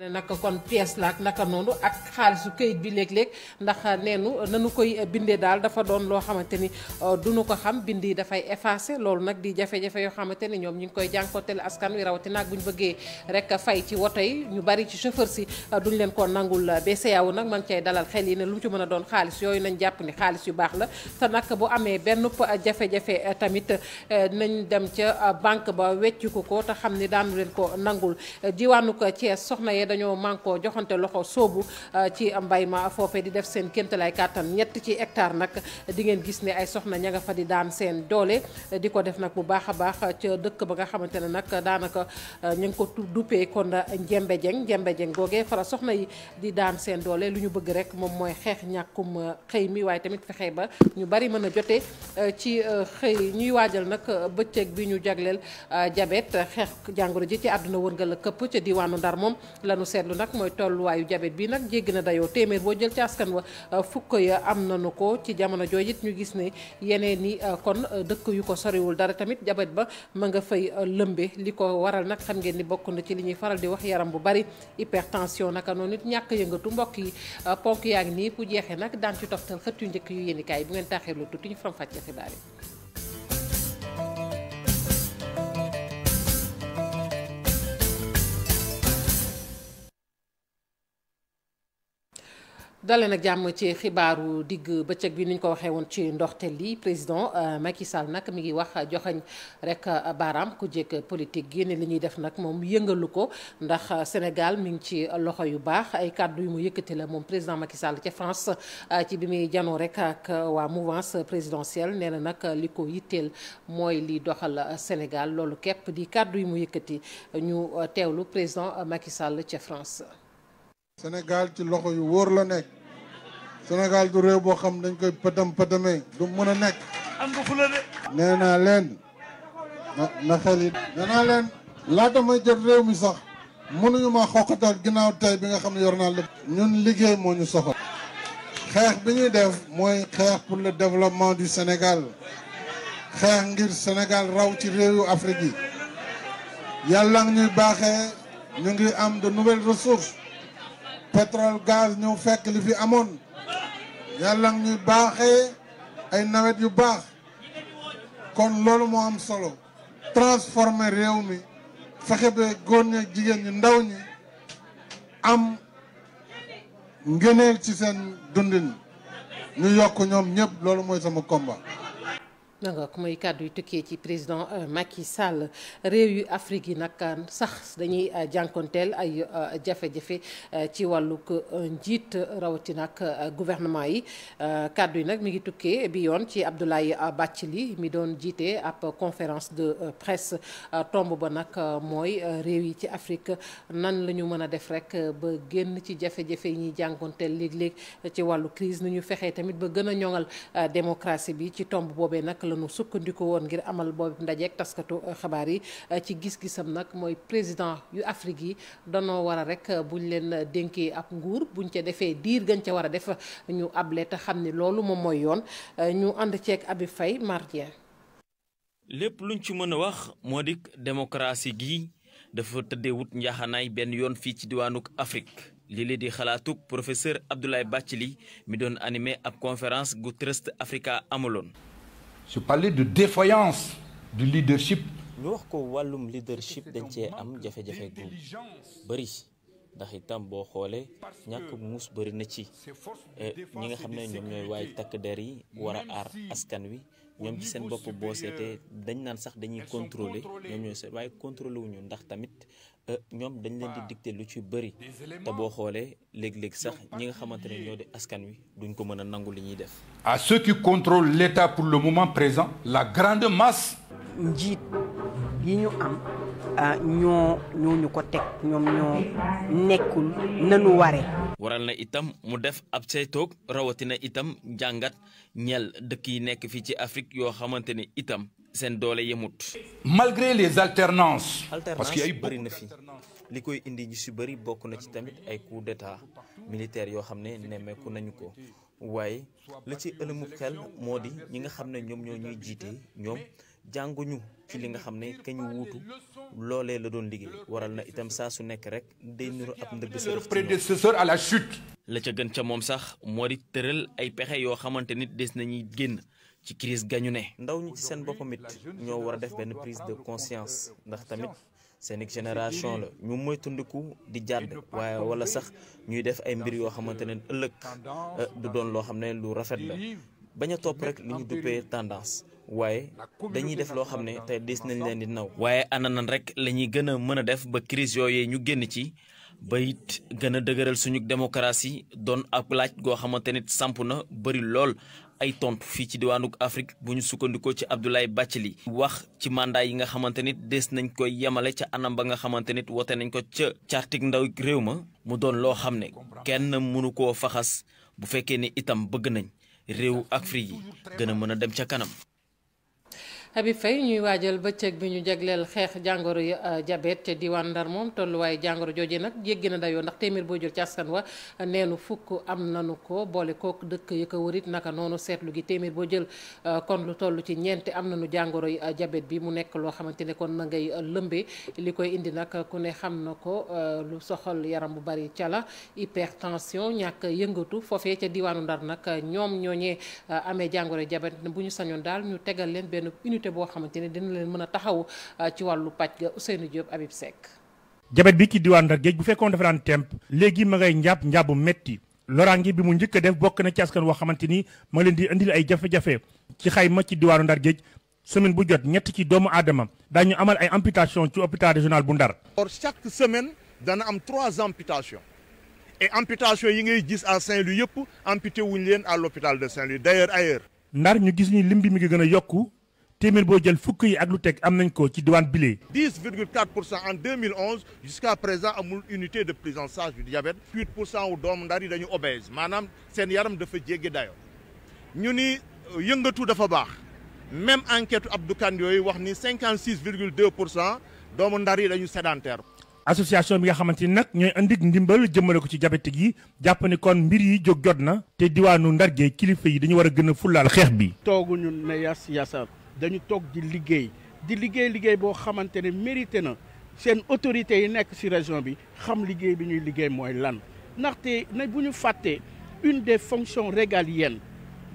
ne nag kon pièce laak naka noonu ak xaalisu këyit bi léeg-léeg ndax neenu nanu koy bindee daal dafa doon loo xamante ni euh, duñu ko xam bind yi dafay effacé loolu nag di jafe-jafe yoo xamante ni ñoom ñu ngi koy jànkonteel askan wi rawatina ak bu ñu bëggee rek fay ci woto yi ñu bari ci chauffeur si euh, duñ leen ko nangul euh, BCEAO nag ma ngi dalal xel yi ne lu mu ci mën a doon xaalis yooyu nañ jàpp ni xaalis yu baax la te naka bu amee benn jafe-jafe tamit nañ dem ca banque ba wecciku ko te xam ni daanu leen ko nangul diwaanu ko Thiès soxna ne dañoo mànkoo joxante loxo soobu euh, ci mbay ma foofe di def seen kéemtalaay kàttan ñett ci hectare nag di ngeen gis ne ay soxna ña nga fa di daan seen doole di ko def nag bu baax a baax ca dëkk ba nga xamante ne nag daanaka euh, ñu ngi ko duppee kon njembe jeng njembe jeng googee soxna yi di daan seen doole lu ñu bëgg rek moom mooy xeex ñàkkum euh, xëy mi waaye tamit fexee ba ñu bari mën a jote ci xëy ñuy waajal nag bëccëg bi ñu jagleel jabet xeex jàngoro ji ci àdduna wërngal këpp diwaanu Ndar lanu seetlu nag mooy tolluwaayu jabet bi nag jéggi na dayoo téeméer boo jël ci askan wa euh, fukk ya am na nanu ko ci jamono jooju it ñu gis ne yeneen ni euh, kon euh, dëkk yu ko soriwul dara tamit jabet ba ma nga fay lëmbe li ko waral nag xam ngeen ni bokk na ci li ñuy faral di wax yaram bu bari hypertension naka noonu it ñàkk yëngatu mbokk yi ponk yaa ngi nii bu jeexee nag daan ci toftal xët yu njëkk yu yéenikaay bu ngeen taaxee lu tuuti ñu faram fàccee xibaar yi dalee nag jàmm ci xibaaru digg bëccëg bi ni ñu ko waxee woon ci ndoxte lii président euh, Macky Sall nag mi ngi wax joxañ rek euh, baaraam ku jekk politique génne li ñuy def nag moom yëngalu ko ndax euh, Sénégal mi ngi ci loxo yu baax ay kàddu yu mu yëkkati la moom président Macky Sall ca France ci bi muy janoo rek ak waa mouvance présidentielle nee na nag li ko yitteel mooy li doxal Sénégal loolu képp di kàddu yu mu yëkkati ñu teewlu président Macky Sall ca France. Sénégal ci loxo yu wóor la nekk Sénégal du réew boo xam dañ koy pëtam pëtamee du mën a nekk am nga fula de naa leen na xel yi nee laata may jël réew mi sax mënuñu ma xoqatal ginnaaw tey bi nga xam ne yor naa lépp ñun liggéey moo ñu soxal xeex bi ñuy def mooy xeex pour le développement du Sénégal xeex ngir Sénégal raw ci réew yu Afrique yi yàlla ñuy baaxee ñu ngi am de nouvelles ressources pétrole gaz ñëw fekk li fi amoon yàlla ñu baaxee ay nawet yu baax kon loolu moo am solo transformer réew mi fexe ba góor ñi jigéen ñi ndaw ñi am ngëneel ci seen dundin ñu yokk ñoom ñëpp loolu mooy sama combat nga ku muy kàddu yu tukkee ci président euh, Macky Sall réew yu Afrique yi nag euh, sax dañuy euh, jànkoonteel ay jafe-jafe ci wàllug njiit rawatina ak gouvernement yi kàddu yi nag mi ngi tukkee bi yoon ci bàcc li mi doon jiite ab conférence de presse tomb ba nag mooy réew yi ci Afrique nan la ñu mën a def rek ba génn ci jafe-jafe yi ñuy jànkoonteel léeg-léeg ci wàllu crise nu ñu fexee tamit ba gën a ñoŋal démocratie bi ci tomb boobee nag lañu sukkandiku woon ngir amal boobu ndajeek taskatu xabaar yi ci gis-gisam nag mooy président yu Afrique yi danoo war a rek buñ leen dénkee ab nguur buñ ca defee diir gañ ca war a def ñu able te xam ni loolu moom mooy yoon ñu ànd ceeg Abi fay Mardien lépp luñ ci mën a wax moo di démocratie gi dafa tëddeewut njaaxanaay benn yoon fii ci diwaanuk Afrique li li di xalaatuk professeur bàcc li mi doon anime ab conférence gu Trust Africa amaloon je parlais de défaillance du leadership. ñu wax ko wàllum leadership dañ cee am jafe-jafe gu bëri ndax itam boo xoolee ñàkk muus bëri na ci eh, ñi nga xam ne ñoom ñooy waay takk der yi war aar askan wi ñoom ci seen bopp boo seetee dañ naan sax dañuy contrôler ñoom ñooy seet waaye contrôler ndax tamit Euh, ñoom dañ leen di dicter lu ci bëri te boo xoolee léeg-léeg sax ñi nga xamante ne ñoo di askan wi duñ ko mën a nangu li ñuy def. à ceux qui contrôlent l'État pour le moment présent la grande masse. njiit yi ñu am euh, ñoo ñu ko teg ñoom ñoo nekkul nanu ware. waral na itam mu def ab saytoog rawatina itam jàngat ñel dëkk yi nekk fii ci Afrique yoo xamante ni itam. seen doole yemut. malgré les alternances. parce que ay bëri na fi li koy indi ji si bëri bokk na ci tamit ay coup d'état militaire yoo xam ne nemmeeku nañu ko waaye la ci ëlëmu xel moo di ñi nga xam ne ñoom ñoo ñuy jiite ñoom jànguñu ci li nga xam ne kañu wuutu loolee la doon liggéey waral na itam saa su nekk rek day nuru ab ndëgg sa prédécesseur à la chute. la ca gën ca moom sax moo di tëral ay pexe yoo xamante nit des nañuy génn. ci crise gañu ne ndaw ñi ci seen boppam it ñoo war a def benn prise de conscience ndax tamit seen génération la ñu moytandiku di jàdd waaye wala sax ñuy def ay mbir yoo xamante ne ëllëg euh, du doon loo xam ne lu rafet la baña topp rek li ñu duppee tendance waaye dañuy def loo xam ne te dis nañ leen di naw waaye ananan rek la ñuy gën a mën a def ba crise yooyee ñu génn ci ba it gën a dëgëral suñu démocratie doon ab laaj goo xamante nit samp na bëri lool ay tontu fii ci diwaanug Afrique bu ñu sukkandikoo ci bàcc li wax ci màndaa yi nga xamante nit des nañ koy yemale ca anam ba nga xamante nit wote nañ ko ca cartik ndaw réew ma mu doon loo xam ne kenn mënu koo faxas bu fekkee ne itam bëgg nañ réewu Afrique yi gën a mën a dem ca kanam Habib Faye ñuy waajal bëccëg bi ñu jagleel xeex jàngoro jabet euh, ca diwaan Ndar moom tolluwaayu jàngoro jooje nag yéggi dayoo ndax téeméer boo jël ci askan wa neenu fukk am nanu ko boole kook dëkk yi ko wërit naka noonu seetlu gi téeméer boo jël euh, kon lu toll ci ñeenti am na nanu jàngoro jabet euh, bi mu nekk loo xamante ne kon na ngay lëmbee li koy indi nag ku ne xam na ko lu soxal yaram bu bari ca la hypertension ñàkk yëngatu foofee ca diwaanu Ndar nag ñoom ñooñee amee jàngoro jabet bu ñu sañoon daal ñu tegal leen benn unité unité boo xamante ne dina leen mën a taxaw euh, ci wàllu paj ga Ousseynou Diop Habib Seck. jabet bi ci diwaan Ndar géej bu fekkoon dafa daan temp léegi ma ngay njàpp njàpp metti loraange bi mu njëkk a def bokk na ci askan woo xamante ni ma leen di indil ay jafe-jafe ci xayma ci diwaanu Ndar géej semaine bu jot ñett ci doomu aadama daañu amal ay amputation ci hôpital régional bu Ndar. or chaque semaine dana am trois amputations et amputation yi ngay gis à Saint-Louis yëpp amputé wuñu leen à l'hôpital de Saint-Louis d'ailleurs a yokku téeméer boo jël fukk yi ak lu teg am nañ ko ci diwaan bile. 10 virgule pour cent en 2011 jusqu'à présent amul unité de prise en charge du diabète 8 pour cent wu doomu ndar yi dañu obèse maanaam seen yaram dafa jéggi dayo ñu ni euh, yëngatu dafa baax même enquête Abdou Kane yooyu wax ni 56 virgule 2 pour cent doomu ndar yi dañu sédentaire. association bi nga xamante ni nag ñooy indi ndimbal jëmmale ko ci diabétique yi jàpp ni kon mbir yi jóg jot na te diwaanu ndargee kilifa yi dañu war a gën a fullaal xeex bi. tooguñu ne yas yasar dañu toog di liggéey di liggéey liggéey boo xamante ne mérité na seen autorités yi nekk si région bi xam liggéey bi ñuy liggéey mooy lan ndaxte na bu ñu fàttee une des fonctions régaliennes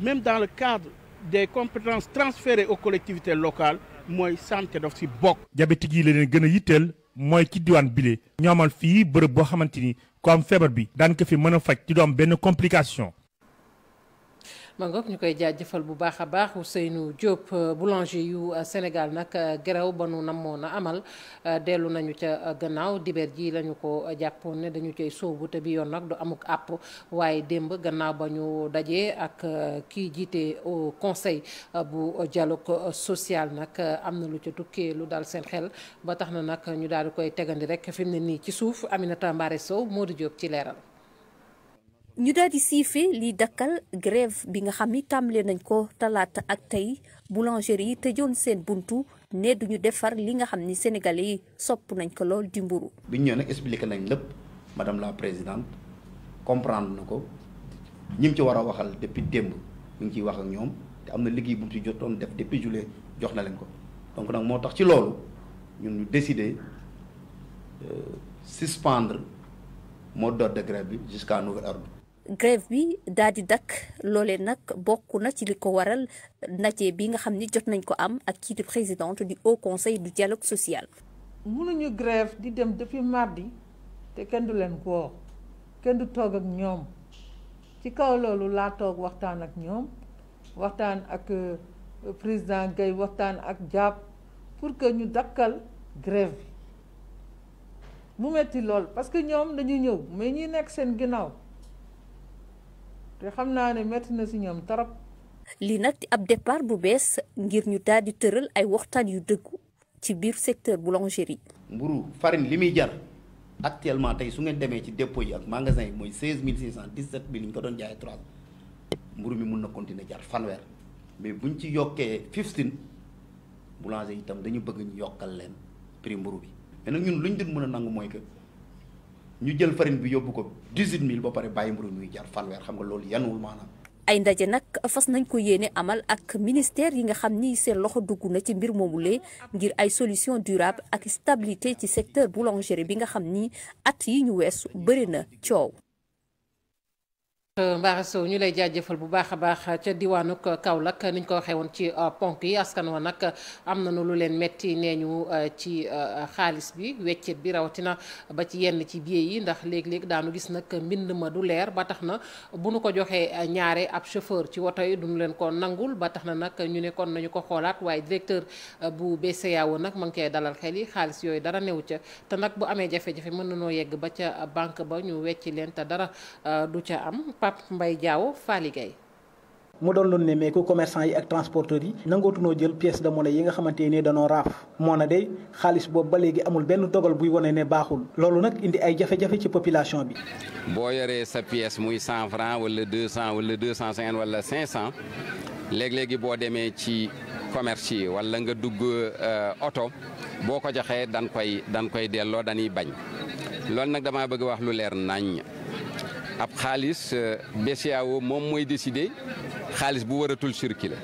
même dans le cadre des compétences transférées aux collectivités locales mooy santé daf ci bokk. diabétique yi la leen gën a yitteel mooy ci diwaan bile. ñoomal fii bërëb boo xamante ni ku am feebar bi. daan ko fi mën a faj ci doom benn complication. ma ñu koy jaajëfal bu baax a baax Ousseynou Diop euh, boulanger yu euh, Sénégal nag euh, grève ba nu namoon a amal dellu nañu ca gannaaw dibeer ji lañu ko jàppoon ne dañu cay sóobu te bi yoon nag du amuk àpp waaye démb gannaaw ba ñu dajee ak kii jiite au conseil bu dialogue social nag am na lu ca tukkee lu dal seen xel ba tax na nag ñu daal di koy tegandi rek fi mu ne nii ci suuf ami Aminata Mbaare Sow di jóop ci leeral. ñu daal di siife li dakkal grève bi nga xam ni tàmbalee nañ ko talaata ak tey boulangerie yi te tëjoon seen buntu ne duñu defar li nga xam ni sénégalais sopp nañ ko loolu di mburu bi ñoo ñëw nag nañ lépp madame la président comprendre na ko ñim ci war a waxal depuis démb ñu ngi ciy wax ak ñoom te am na liggéey bu mu ci jotoon def depuis juillet jox na leen ko donc nag moo tax ci loolu ñun ñu décider euh, suspendre mot d'ordre de grève bi jusqu'à nouvel ordre grève bi daal di dakk loole nag bokk na ci li ko waral ndaje bi nga xam ni jot nañ ko am ak kii di présidente du haut conseil du dialogue social. mënuñu grave di dem depuis mardi te kenn du leen ko kenn du toog ak ñoom ci kaw loolu laa toog waxtaan ak ñoom waxtaan ak euh, président Guèye waxtaan ak jàpp pour que ñu dakkal grève bi mu metti lool parce que ñoom dañu ñëw mais ñi nekk seen ginnaaw. te xam naa ne métti na si ñoom trop. li nag di ab départ bu bees ngir ñu daal di tëral ay waxtaan yu dëggu ci biir secteur boulangerie. mburu farine li muy jar actuellement tey su ngeen demee ci dépôt yi ak magasin yi mooy seize mille six cent dix-sept mille ñu ko doon jaayee trois mburu mi mun na continuer jar fanweer mais buñ ci yokkee fifteen boulanger itam dañu bëgg ñu yokkal leen prix mburu bi mais nag ñun ñu dul mën a nangu mooy que. ñu jël farine bi yóbbu ko 18000 ba pare bàyyi mburu muy jar fanweer xam nga loolu yanuwul maanaam. ay ndaje nag fas nañ ko yéene amal ak ministère yi nga xam ni seen loxo dugg na ci mbir moomu lee ngir ay solution durable ak stabilité ci secteur boulangerie bi nga xam ni at yi ñu weesu bëri na coow. Mbara ñu lay jaajëfal bu baax a baax ca diwaanu Kaolack ni ñu ko waxee woon ci euh, ponk yi askan wa nag am nañu lu leen metti nee ñu euh, ci euh, xaalis bi weccet bi rawatina ba ci yenn ci billet yi ndax léegi léeg daanu gis nag mbind ma du leer ba tax na bu nu ko joxee ñaare ab chauffeur ci woto yi duñu leen ko nangul ba tax na nag ñu nekkoon nañu ko xoolaat waaye directeur bu BCEAO nag ma ngi koy dalal xel yi xaalis yooyu dara newu ca te nag bu amee jafe-jafe mën na yegg ba ca banque ba ñu wecci leen te dara du ca am. Pape Mbaye Diaw Faly Gueye mu doon loon ne meeku commerçant yi ak transporteurs yi nangootunoo jël pièce de monnaie yi nga xamante ne danoo raaf moo na day xaalis boobu ba léegi amul benn dogal buy wane ne baaxul loolu nag indi ay jafe-jafe ci population bi boo yoree sa pièce muy 100 francs wala 200 wala 250 wala 500 léeg-léegi boo demee ci commerce yi wala nga dugg euh, oto boo ko joxee dan koy dan koy delloo dañuy bañ loolu nag damaa bëgg wax lu leer nañ ab xaalis euh, BCEAO moom mooy décider xaalis bu waratul circuler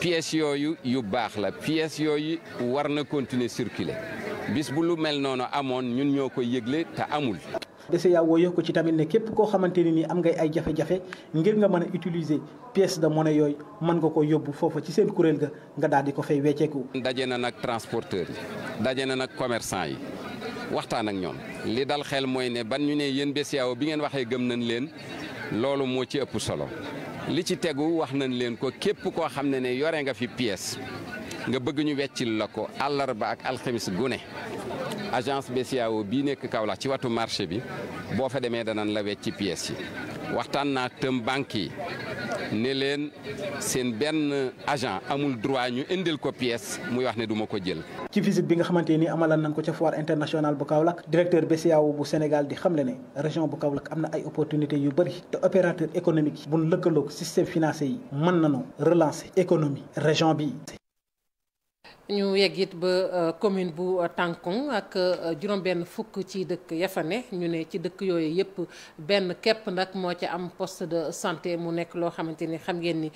pièces yooyu yu baax la pièces yooyu war na continuer circuler bis bu lu mel noonu amoon ñun ñoo koy yëgle te amul. BCEAO yokk ci tamit ne képp koo xamante ne ni am ngay ay jafe-jafe ngir nga mën a utiliser pièce de monnaie yooyu mën nga ko yóbbu foofa ci seen kuréel ga nga daal di ko fay wecceeku. daje na nag transporteurs yi daje na nag commerçant yi. waxtaan ak ñoom li dal xel mooy ne ban ñu ne yéen BCEAO bi ngeen waxee gëm nañ leen loolu moo ci ëpp solo li ci tegu wax nañ leen ko képp koo xam ne ne yore nga fi pièce nga bëgg ñu weccil la ko àllarba ak alxamis gune agence BCEAO bii nekk Kaolack ci watu marché bi boo fa demee danañ la ci pièces yi waxtaan naa tëm banque yi ne leen seen benn agent amul droit ñu indil ko pièce muy wax ne duma ko jël. ci visite bi nga xamante ni amalaan nañ ko ca foire internationale bu Kaolack directeur BCEAO bu Sénégal di xamle ne région bu Kaolack am na ay opportunités yu bëri te opérateur économique yi bu nu lëkkaloog système financier yi mën nañoo relancer économie région bi. ñu yegg it ba euh, commune bu euh, Tànkong ak euh, juróom-benn fukk ci dëkk yafane ñu ne ci dëkk yooyu yëpp benn képp nag moo ci am post de santé mu nekk loo xamante ni xam ngeen ni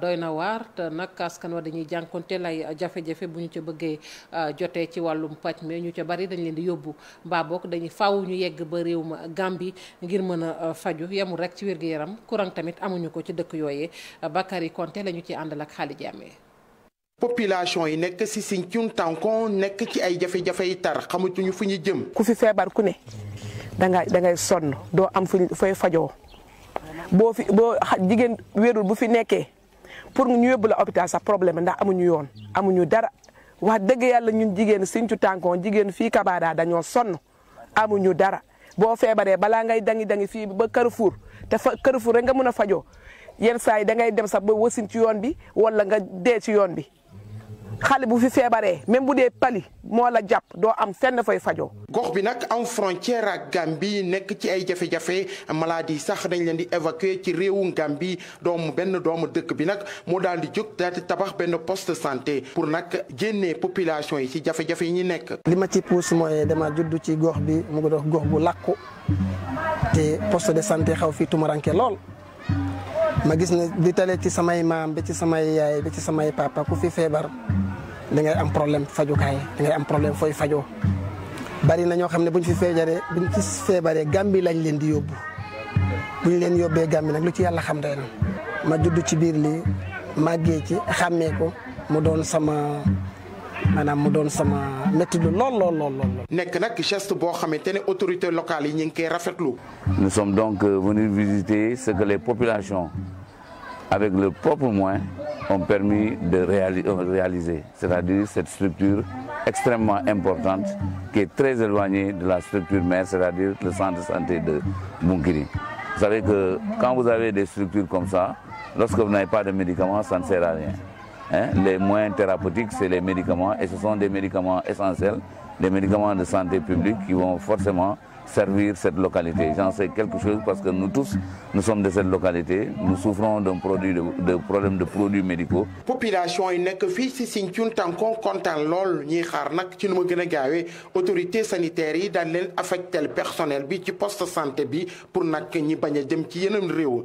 doy na waar te nag askan wa dañuy jànkonte lay jafe-jafe bu ñu ca bëggee jotee ci wàllum paj mais ñu ca bari dañ leen di yóbbu mbaa boog dañuy faaw ñu yegg ba réew ma Gàmbi ngir mën a faju yemul rek ci wér-gu-yaram courant tamit amuñu ko ci dëkk yooyee Bakary Konte la ñu ci àndal ak Xaali Jaame population yi nekk si Sinthiou Tankon nekk ci ay jafe-jafe yi tar xamatuñu fu ñu jëm. ku fi feebar ku ne da da ngay sonn doo am fu fay fajoo boo fi boo jigéen wéerul bu fi nekkee pour ñu yóbbu la hôpital sax problème ndax amuñu yoon amuñu dara wax dëgg yàlla ñun jigéen Sinthiou tànkoon jigéen fii Kabada dañoo sonn amuñu dara. boo feebaree balaa ngay dangi dangi fii ba Carrefour te fa Carrefour nga mën a fajoo yenn saa yi da ngay dem sax ba wasin ci yoon bi wala nga dee ci yoon bi xale bu fi feebaree même bu dee pali moo la jàpp doo am fenn fay fajoo. gox bi nag am frontière ak bi nekk ci ay jafe-jafe maladie sax dañ leen di évacuer ci réewu bi doomu benn doomu dëkk bi nag moo daal di jóg tabax benn post de santé pour nag génnee population yi ci jafe-jafe yi ñu nekk. li ma ci pousse mooy dama judd ci gox bi mu ngi gox bu làkku te poste de santé xaw fi tumuranke lool. ma gis ne di tale ci samay maam ba ci samay yaay ba ci samay papa ku fi feebar da ngay am problème fajukaay da ngay am problème fooy fajo bari na ñoo xam ne buñ fi feebaree buñ ci feebaree Gàmbi lañ leen di yóbbu buñ leen yóbbee Gàmbi nag lu ci yàlla xam day ma judd ci biir lii màggee ci xàmmee ko mu doon sama maanaam mu doon sama métti lu lool lool lool lool. nekk nag geste boo xamante ne autorités locales yi ñu ngi koy rafetlu. nous sommes donc euh, venus visiter ce que les populations avec leurs propres moyens ont permis de euh, réaliser c'est-à-dire cette structure extrêmement importante qui est très éloignée de la structure mère c'est-à-dire le centre de santé de Bounkiling. Vous savez que quand vous avez des structures comme ça, lorsque vous n'avez pas de médicaments, ça ne sert à rien. Hein? Les moyens thérapeutiques, c'est les médicaments, et ce sont des médicaments essentiels, des médicaments de santé publique qui vont forcément servir cette localité. J'en sais quelque chose parce que nous tous, nous sommes de cette localité. Nous souffrons d'un produit de, de problème de produits médicaux. population yi nekk fii si Sinthiou Tankong kontaan lool ñuy xaar nag ci nu ma gën a gaawee sanitaires yi daan leen affecté personnel bi ci poste santé bi pour nag ñi bañ a jëm ci yeneen réew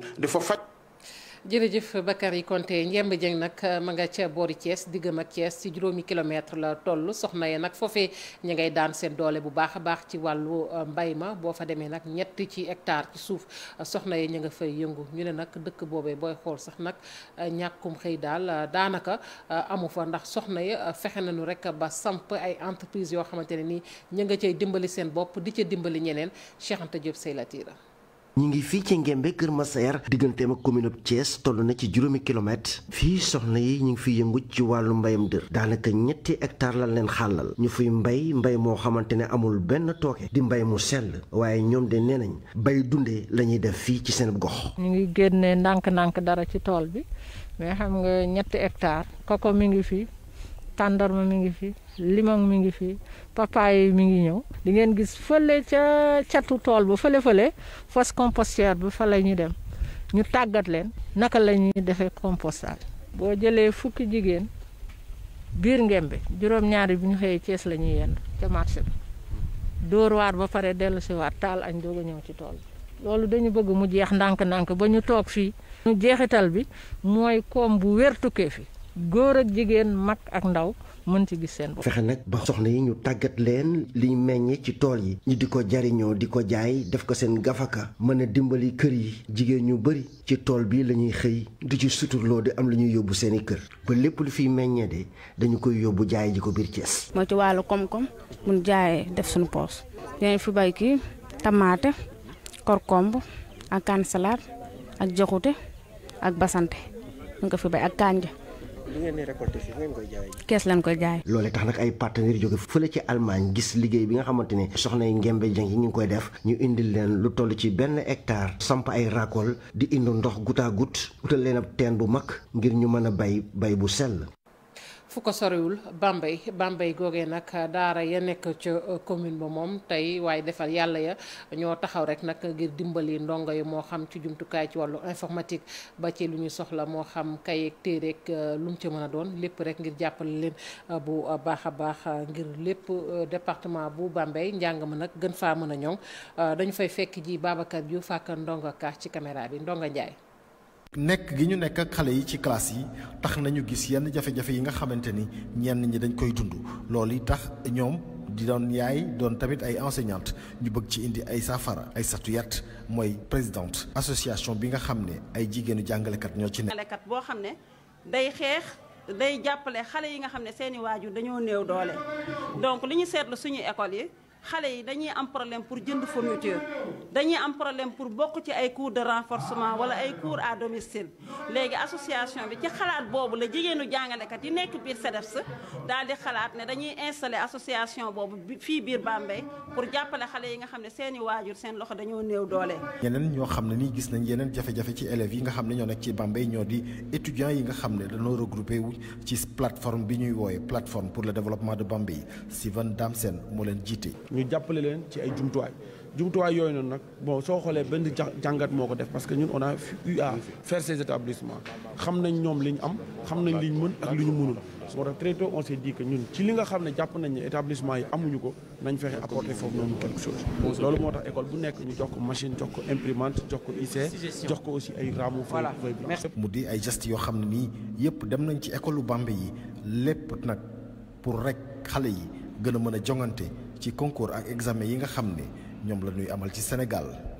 jërëjëf Bakary Konté Ndiemba Dieng nag euh, ma nga ca boori Thiès diggam ak Thiès ci juróomi kilomètre la toll soxna yi nag foofee ñi ngay daan seen doole bu baax a baax ci wàllu euh, mbay ma boo fa demee nag ñett ci hectare suuf euh, soxna ye ñu nga fay yëngu ñu ne nag dëkk boobee booy xool sax nag ñàkkum xëy daal daanaka amu fa ndax soxna yi fexe nañu rek ba samp ay entreprise yoo xamante ne nii ñu nga cay dimbali seen bopp di ca dimbali ñeneen Cheikh Anta Diop say la ñu ngi fii ci Ngembe Kër Massaer digganteem ak commune bu Thiès toll na ci juróomi kilomètre fii soxna yi ñu ngi fiy yëngu ci wàllu mbayam dër daanaka ñetti hectare lan leen xàllal ñu fiy mbay mbay moo xamante ne amul benn tooke di mbay mu sell waaye ñoom de nee nañ bay dundee la ñuy def fii ci seen gox. ñu ngi génne ndànk-ndànk dara ci tool bi mais xam nga ñetti hectare koko mi ngi fii tàndarma mu ngi fii limon mi ngi fi papaye mi ngi ñëw di ngeen gis fële ca catu tool ba fële fële fosse compostière ba fa la dem ñu tàggat leen naka lañuy ñuy defee compostage boo jëlee fukki jigéen biir ngembe juróom-ñaari bi ñu xëyee Cees lañuy yenn ca marché bi dóor waar ba pare dellu si waat taal añ doog a ñëw ci tool bi loolu dañu bëgg mu jeex ndànk-ndànk ba ñu toog fii ñu jeexital bi mooy koom bu wér tukkee fi góor ak jigéen mag ak ndaw mën ci gis seen bopp. fexe nag ba soxna yi ñu tàggat leen liy meññee ci tool yi ñu di ko jariñoo di ko jaay def ko seen gafaka mën a dimbali kër yi jigéen ñu bëri ci tool bi lañuy xëy du ci suturloo di am lu ñuy yóbbu seen i kër ba lépp lu fiy meññee de dañu koy yóbbu jaay ji ko biir Thiès. moo ci wàllu koom-koom mun jaayee def suñu poos dinañ fi bay kii tamaate korkomb ak kaan ak jaxute ak basante ñu ko fi bay ak kanja li ngeen di kees lañ koy jaay. loole tax nag ay partenaires jóge la ci Allemagne gis liggéey bi nga xamante ni soxna yi Ngembe yi ñu ngi koy def ñu indil leen lu tollu ci benn hectare samp ay raakool di indi ndox goutte à goutte utal leen ab teen bu mag ngir ñu mën a bay bay bu sell fu ko sorewul Bambey bàmbay googee nag daara ya nekk ca uh, commune ba moom tey waaye defal yàlla ya ñoo taxaw rek nag ngir dimbali ndongo yi moo xam ci jumtukaay ci wàllu informatique ba ci lu ñuy soxla moo xam kayeeg téereeg uh, lu mu ca mën a doon lépp rek ngir jàppale leen uh, bu baax a baax ngir lépp département bu Bambey njàng ma nag gën faa mën a ñoŋ dañu fay fekk ji Babacar Diouf ak ndongo ka ci caméra bi ndongo Ndiaye. nekk gi ñu nekk xale yi ci classe yi tax nañu gis yenn jafe-jafe yi nga xamante ni ñenn ñi dañ koy dund lool yi tax ñoom di doon yaay doon tamit ay enseignante ñu bëgg ci indi ay saafara ay satuyat mooy présidente association bi nga xam ne ay jigéenu jàngalekat ñoo ci nekk. boo xam ne day xeex day jàppale xale yi nga xam ne seeni waajur dañoo néew doole donc li ñu seetlu suñu école yi. xale yi dañuy am problème pour jënd fourniture dañuy am problème pour bokk ci ay cours de renforcement wala ay cours à domicile léegi association bi ci xalaat boobu la jigéenu jàngalekat yi nekk biir CEDEPS e e daal di xalaat ne dañuy installer association boobu fii biir Bambey pour jàppale xale yi nga xam ne seeni waajur seen loxo dañoo néew doole. ñeneen ñoo xam ne nii gis nañ yeneen jafe-jafe ci élèves yi nga xam ne ñoo nekk ci Bambey ñoo di étudiants yi nga xam ne dañoo regroupé wu ci plateforme bi ñuy wooye plateforme pour le développement de Bambey Sivan Damsen moo leen jiite. ñu jàppale leen ci ay jumtuwaay jumtuwaay yooyu noonu nag bon soo xoolee benn jàngat moo ko def parce que ñun on a eu à faire ces établissements xam nañ ñoom li ñu am xam nañ li ñu mën ak li ñu mënul su ko def très tôt on ñun ci li nga xam ne jàpp nañ ne établissement yi amuñu ko nañ fexe apporter foofu noonu quelque chose loolu moo tax école bu nekk ñu jox ko machine jox ko imprimante jox ko IC jox ko aussi ay raamu feuille blanche mu di ay yoo xam ne nii yëpp dem nañ ci école u Bambey yi lépp nag pour rek xale yi gën a mën a jongante ci concours ak examen yi nga xam ne ñoom la ñuy amal ci Sénégal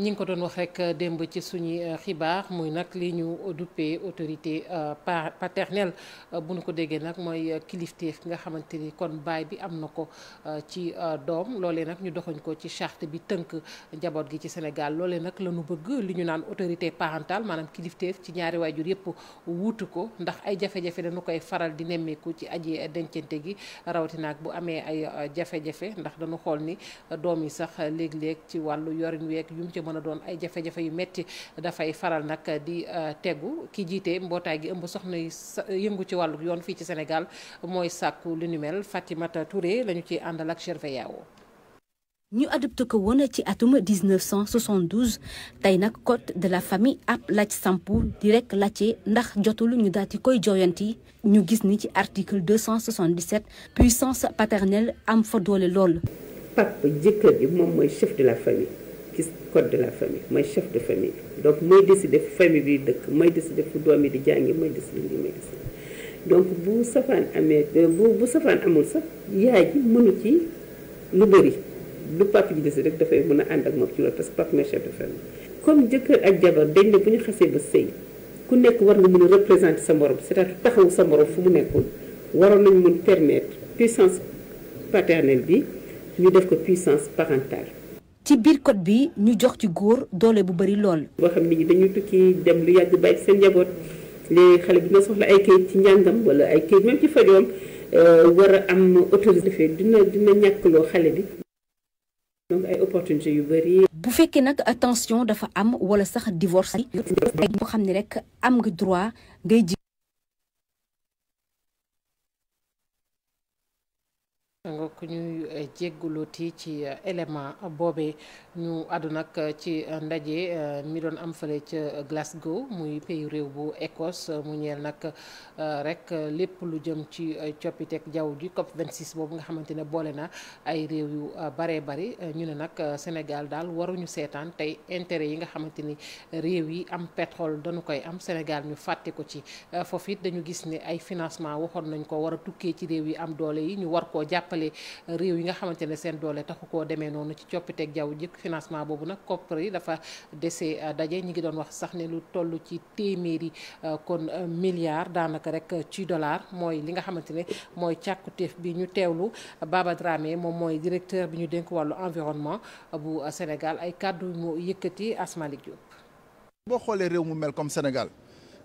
ñi ngi ko doon wax rek euh, démb ci suñuy euh, xibaar muy nag li ñu duppee autorité euh, paternelle bu ñu ko déggee nag mooy kilifteef nga xamante ni kon baay bi am na ko ci doom loolee nag ñu doxuñ ko ci charte bi tënk njaboot gi ci Sénégal loole nag la ñu bëgg li ñu naan autorité parentale maanaam kilifteef ci ñaari waajur yëpp wuutu ko ndax ay jafe-jafe dañu koy faral di nemmeeku ci aji dencante gi rawatina bu amee ay jafe-jafe ndax dañu xool ni doom yi sax léeg-léeg ci wàllu yorin weeg mën a doon ay jafe-jafe yu metti dafay faral nag di euh, tegu ki jiite mbootaay gi ëmb soxna yi yëngu ci wàllu yoon fii ci Sénégal mooy sàkku li nu mel Fatimata Touré lañu ci àndal ak Gervais Yao ñu adopté ko wone ci atum 1972 tey nag code de la famille ab laaj sampu di rek laajte ndax jotul ñu daal di koy jooyanti ñu gis ni ci article 277 puissance paternelle am fa doole lool. papa jëkkër ci de la famille mooy chef de famille donc mooy décider fu famille bi dëkk mooy décider fu doom yi di jàngi mooy décider lii mooy donc bu safaan amee euh, bu bu safaan amul sax yaay mënu ci lu bëri lu papa ji décider dafay mën a ànd ak moom ci parce que papa mooy chef comme jëkkër ak jabar dañ ne bu ñu xasee ba sëy ku nekk war nga mën a représenter sa morom cest à taxaw sa morom fu mu nekkoon waroon nañu mun permetre puissance paternelle bi ñu def ko puissance parentale ci biir code bi ñu jox ci góor doole bu bëri lool. boo xam ne dañuy tukki dem lu yàgg bàyyi seen njaboot léegi xale bi dina soxla ay kayit ci njàngam wala ay kayit même ci fajoom euh, war a am autorisé dina dina ñàkkloo xale bi. donc ay opportunité yu bëri. bu fekkee nag attention dafa am wala sax divorce. moo xam ni rek am nga droit ngay ji. nga ko ñuy eh, jéggalooti ci eh, élément boobe ñu àddu nag ci ndaje eh, mi doon am fële ca Glasgow muy pays réew bu Écosse mu ñeel nag rek lépp lu jëm ci coppiteg jaww ji COP 26 boobu nga xamante ne boole na ay réew yu baree bari ñu ne nag Sénégal daal waruñu seetaan tey intérêt yi nga xamante ni réew yi am pétrole dañu koy am Sénégal ñu fàtte ko ci foofu it dañu gis ni ay financement waxoon nañ ko war tukkee ci réew yi am doole yi ñu war koo jàpp jàppale euh, réew yi nga xamante ne seen doole taxu koo demee noonu ci coppiteeg jaww ji financement boobu nag koppar yi dafa dese euh, daje ñi ngi doon wax sax ne lu tollu ci téeméeri euh, kon milliard daanaka rek ci dollar mooy li nga xamante ne mooy càkkutéef bi ñu teewlu Baba Dramé moom mooy directeur bi ñu dénk wàllu environnement bu Sénégal ay kàddu mu yëkkati Asmalik Diop boo xoolee réew mu mel comme Sénégal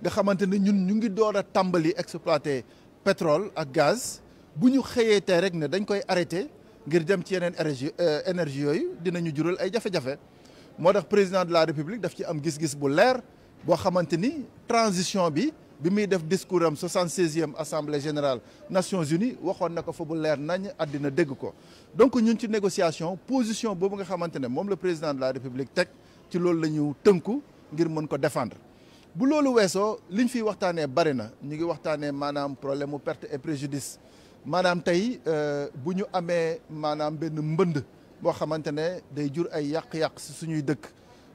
nga tàmbali exploiter pétrole ak gaz bu ñu xëyee tey rek ne dañ koy arrêté ngir dem ci yeneen énergie euh, énergie yooyu dinañu jural ay jafe-jafe moo tax président de la république daf ci am gis-gis bu leer boo xamante ni transition bi bi muy def discours am 76e assemblée générale Nations Unies waxoon na ko fa bu leer nañ àddina dégg ko donc ñun ci négociation position boobu nga xamante ne moom la président de la république teg ci loolu la ñu tënku ngir mën ko défendre bu loolu weesoo liñ fiy waxtaanee bari na ñu ngi waxtaanee maanaam problème mu perte et préjudice maanaam tey euh, bu ñu amee maanaam benn mbënd boo xamante ne day jur ay yàq-yàq si suñuy dëkk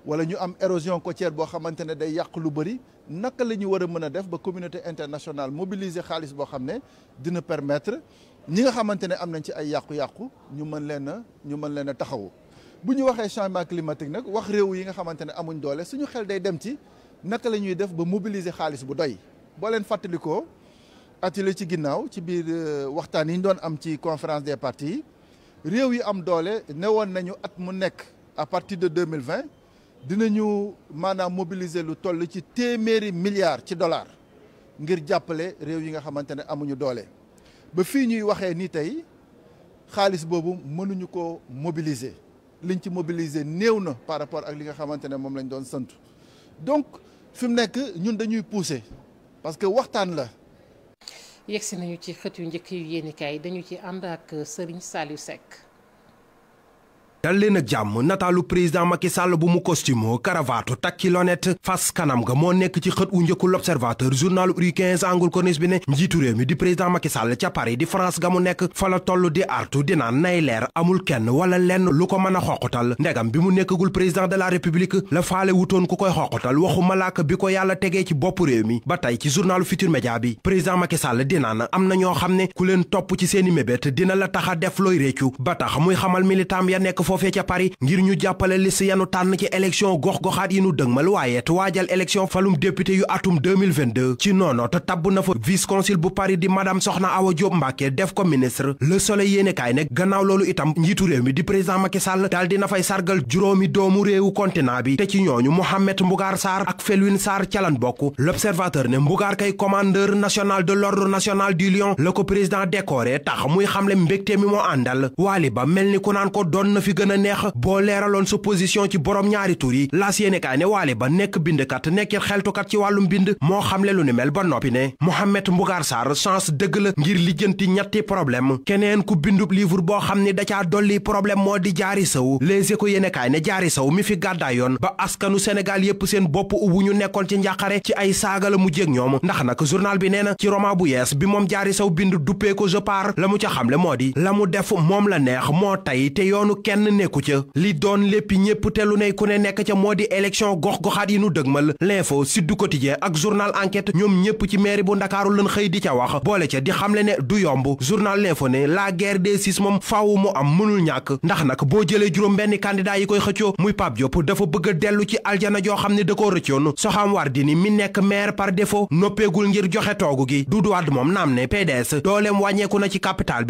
wala ñu am érosion côtière boo xamante ne day yàq lu bëri naka la ñu war a mën a def ba communauté internationale mobiliser xaalis boo xam ne dina permettre ñi nga xamante ne am nañ ci ay yàqu-yàqu ñu mën leen a ñu mën leen a taxawu. bu ñu waxee changement climatique nag wax réew yi nga xamante ne amuñ doole suñu xel day dem ci naka la ñuy def ba mobiliser xaalis bu doy boo leen fàttalikoo. atile ci ginnaaw ci biir euh, waxtaan yi ñu doon am ci conférence des partis réew yi am doole newoon nañu at mu nekk à partie de deux mille vingt dinañu maanaam mobiliser lu toll ci téeméeri milliards ci dollars ngir jàppale réew yi nga xamante ne amuñu doole ba fii ñuy waxee nii tey xaalis boobu mënuñu ko mobiliser liñ ci mobiliser néew na par rapport ak li nga xamante ne moom lañ doon sant donc fi mu nekk ñun dañuy pousser parce que waxtaan la. yegsi nañu ci xët yu njëkk yu yéenekaay dañu ci ànd ak Serigne Saliou Seck dal leen ak jàmm nataalu président Macky Sall bu mu costume karavaatu takki lonet fas kanam ga moo nekk ci xët wu njëkku l'observateur journal uri 15 angle corniche bi ne njiitu réew mi di président Macky Sall ca Paris di France ga mu nekk fa la toll di artu dinaan nay leer amul kenn wala lenn lu ko mën a xoqutal ndegam bi mu nekkagul président de la république la faale wutoon ku koy xoqutal waxu malaaka bi ko yàlla tegee ci bopp réew mi ba tey ci journalu Futurs Médias bi président Macky Sall dinaan am na ñoo xam ne ku leen topp ci seeni mébét dina la tax a def looy ba tax muy xamal militam ya nekk foofee ca Paris ngir ñu jàppale liste yanu tànn ci élection gox-goxaat yi nu dëgmal waaye te waajal élection falum député yu atum 2022 ci noono te tabb na fa vice consul bu Paris di madame Soxna Awa Diop Mbacké def ko ministre Le Soleil yéenekaay ne gannaaw loolu itam njiitu réew mi di président Macky Sall daal dina sargal juróomi doomu réewu continent bi te ci ñooñu Mohamed Mbougar Sarr ak Felwine Sarr ca bokk L'Observateur ne Mbougar kay commandeur la ko président décoré gën a neex boo leeraloon sa position ci borom ñaari tur yi laas yéenekaay ne waale ba nekk bindkat nekkit xeltukat ci wàllum bind moo xamle lu ni mel ba noppi ne Mohamed Mbougar Sarr chance dëgg la ngir lijjanti ñetti problème keneen ku bindub livre boo xam ni da caa dolli problème moo di jaari saw Les Échos yéenekaay ne jaari saw mi fi gàddaay yoon ba askanu Sénégal yépp seen bopp ubu ñu nekkoon ci njàqare ci ay saaga la mu jéeg ñoom ndax nag journal bi nee na ci roman bu yees bi moom jaari saw bind duppee ko je pars la mu ca xamle moo di la mu nekku ca li doon léppi ñépp te lu ne ku ne nekk ca moo di élection gox-goxaat yi nu dëgmal l'info Sud Quotidien ak journal enquête ñoom ñépp ci mairie bu ndakaaru lan xëy di ca wax boole ca di xamle ne du yomb journal l'info ne la guerre des six moom faawu mu am mënul ñàkk ndax nag boo jëlee juróom benn candidat yi koy xëccoo muy Pape Diop dafa bëgg dellu ci aljana joo xam ne da koo rëccoon Soham Wardini mi nekk maire par défaut noppeegul ngir joxe gi Doudou Wade moom naam ne PDS dooleem wàññeeku na ci capital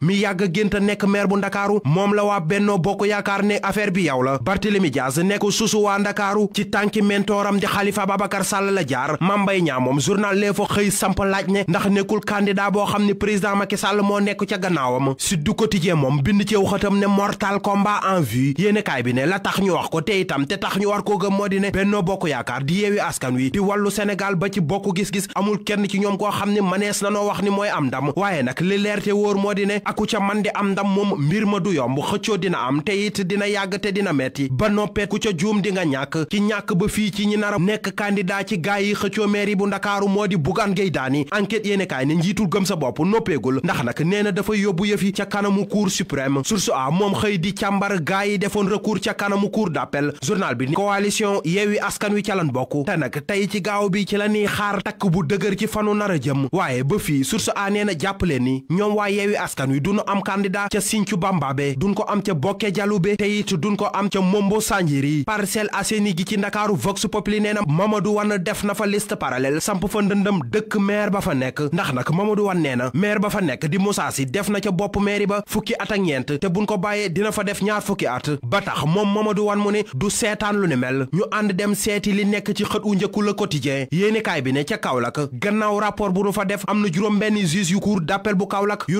mi yàgg gént nekk maire bu ndakaaru moom la waa bennoo bokk yaakaar ne affaire bi yow la Barthélemy Dias nekk susu waa ndakaaru ci tànki mentooram di Khalifa Babacar Sall la jaar Mame Mbaye Niang moom journal lee fa xëy samp laaj ne ndax nekkul candidat boo xam ne président Macky Sall moo nekk ca gannaawam Sud du Quotidien moom bind ci waxatam ne mortal combat en vue yéenekaay bi ne la tax ñu wax ko te itam te tax ñu war koo gëm moo di ne bennoo bokk yaakaar di yeewi askan wi wàllu Sénégal ba ci bokk gis-gis amul kenn ci ñoom koo xam ne manees nanoo wax ni mooy am ndam waaye nag li leer te wóor moo di aku ca man di am ndam moom mbir ma du yomb xëccoo dina am te it dina yàgg te dina metti ba noppee ku ca juum di nga ñàkk ci ñàkk ba fii ci ñi nar a nekk candidat ci gaay yi xëccoo mairie bu ndakaaru moo di Bougane Gueye Dany enquête yéenekaay ni njiitu gëm sa bopp noppeegul ndax nag nee na dafa yóbbu yëfi ca kanamu cour suprême source a moom xëy di càmbar gaay yi defoon recours ca kanamu cour d'appel journal bi coalition Yewwi Askan Wi ca lan bokk te nag tey ci gaaw bi ci la ñuy xaar takk bu dëgër ci fanu nar a waaye ba fii source nee na jàpp ni ñoom Askan Wi yi duñu am candidat ca Sinthiou Bambabé duñ ko am ca Boké Dialoubé te it dun ko am ca Mombo Sanjiri Parcelles Assainies gi ci Ndakaaru Vox Populi nee na Mamadou Wane def na fa liste parallèle samp fa ndëndëm dëkk maire ba fa nekk ndax nag Mamadou Wane nee na maire ba fa nekk di Moussa def na ca bopp maire ba fukki at ak ñeent te buñ ko bàyyee dina fa def ñaar fukki at ba tax moom du wan mu ne du seetaan lu ni mel ñu ànd dem seeti li nekk ci xët u njëkku Le Quotidien yéenekaay bi ne ca Kaolack gannaaw rapport bu nu fa def am na juróom benn juge yu cour d'appel bu Kaolack yu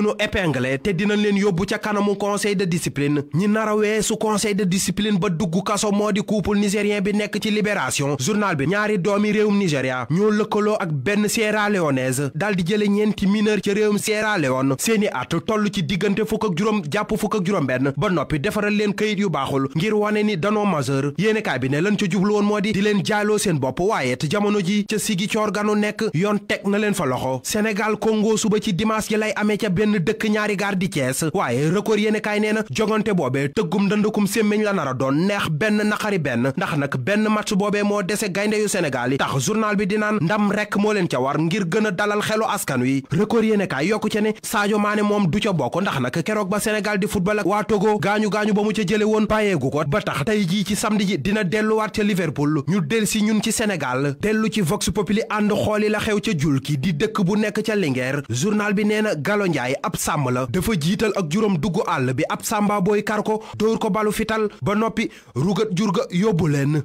jàngale te dinañ leen yóbbu ca kanamu conseil de discipline ñi nar a weesu conseil de discipline ba dugg kaso moo di couple nigérien bi nekk ci libération journal bi ñaari doomi réewum Nigéria ñoo lëkkaloo ak benn Sierra Leonaise daal di jële ñeenti mineur ci réewum Sierra Leone seeni at toll ci diggante fukk ak juróom jàpp fukk ak juróom-benn ba noppi defaral leen këyit yu baaxul ngir wane ni danoo majeur yéene kaay bi ne lañ ca jublu woon moo di di leen jaaloo seen bopp waaye jamono ji ca sigi coor nekk yoon teg na leen fa loxo ñaari gaar di Thiès waaye record yéene kaay nee na jogante boobee tëggum ndëndukum sémmiñ la nar a doon neex benn naqari benn ndax nag benn match boobee moo dese gaynde yu Sénégal yi tax journal bi dinaan ndam rekk moo leen ca war ngir gën a dalal xelu askan wi record yéene kaay yokku ca ne Sadio Mané moom du ca bokk ndax nag keroog ba Sénégal di football ak waa Togo gaañu-gaañu ba mu ca jële woon bàyyeegu ko ba tax tey jii ci samedi ji dina delluwaat ca Liverpool ñu del si ñun ci Sénégal dellu ci Vox Populi ànd xooli la xew ca jul ki di dëkk bu nekk ca Linguère journal bi nee na Galo Ndiaye ab sàmm la dafa jiital ak juróom dugg àll bi ab sàmba booy kar ko dóor ko balu fital ba noppi rugat jur ga yóbbu leen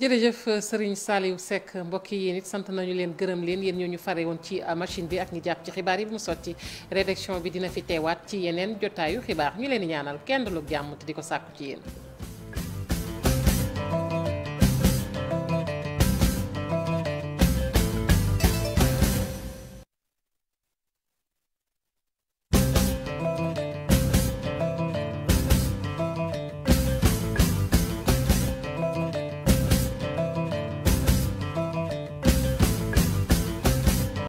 jërëjëf Serigne Saliou sekk mbokk yi yéen it sant nañu leen gërëm leen yéen ñoo ñu fare woon ci uh, machine bi ak ñi jàpp ci xibaar yi bu mu sotti rédaction bi dina fi teewaat ci yeneen jotaayu xibaar ñu leen di ñaanal kenn lu jàmm te di ko sàkku ci yéen